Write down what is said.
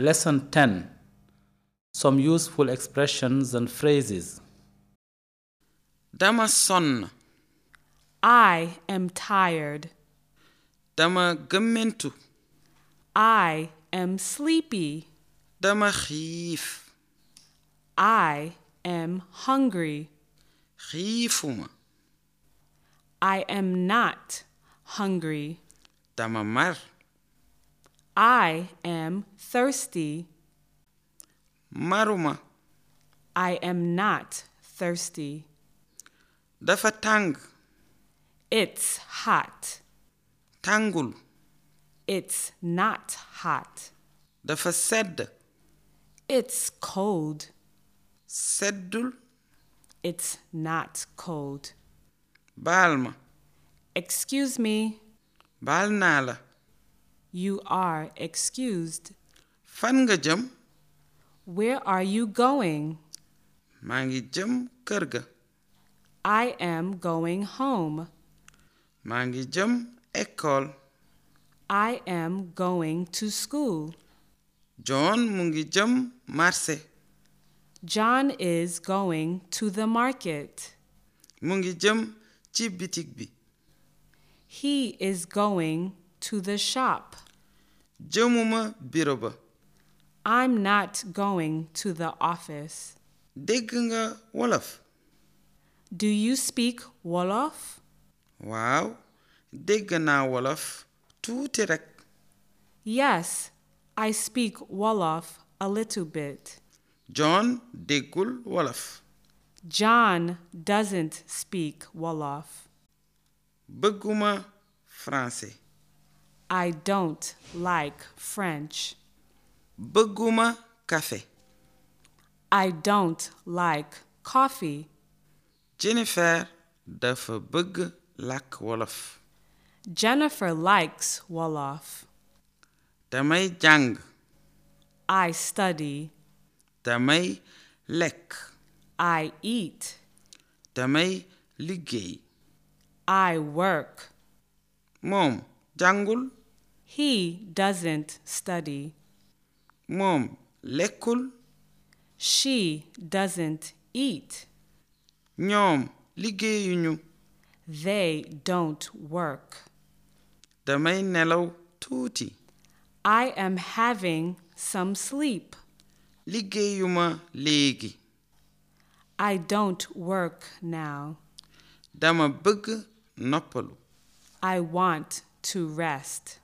Lesson 10 Some useful expressions and phrases. Dama sonn. I am tired. Dama gëmmentu. I am sleepy. Dama xiif. I am hungry. Xiifuma. I am not hungry. mar. I am thirsty. maruma. I am not thirsty. dafa tàng. It's hot. tàngul. It's not hot. dafa sedd. It's cold. seddul. It's not cold. baal Excuse me. naa la. You are excused. Fan nga jëm? Where are you going? Maa ngi jëm kër ga. I am going home. Maa ngi jëm école. I am going to school. John mu ngi jëm marché. John is going to the market. Mu ngi jëm ci bitig bi. He is going to the shop. Jëmuma bureau ba. I'm not going to the office. Dégg nga wolof. Do you wolof? Waaw, dégg naa wolof tuuti rekk. Yes, I speak wolof a little John déggul wolof. John doesn't speak wolof. Bëgguma français. I don't like French. Bëgguma kafe I don't like coffee. Jennifer dafa bëgg làkk wolof. Jennifer likes wolof. Damay jàng. I study. Damay lekk. I eat. Damay liggéey. I work. Moom He doesn't study. Moom lekkul. She doesn't eat. Ñoom liggéeyuñu. They don't work. Damay nelaw tuuti. I am having some sleep. Liggéeyuma léegi. I don't work now. Dama bëgg noppalu. I want to rest.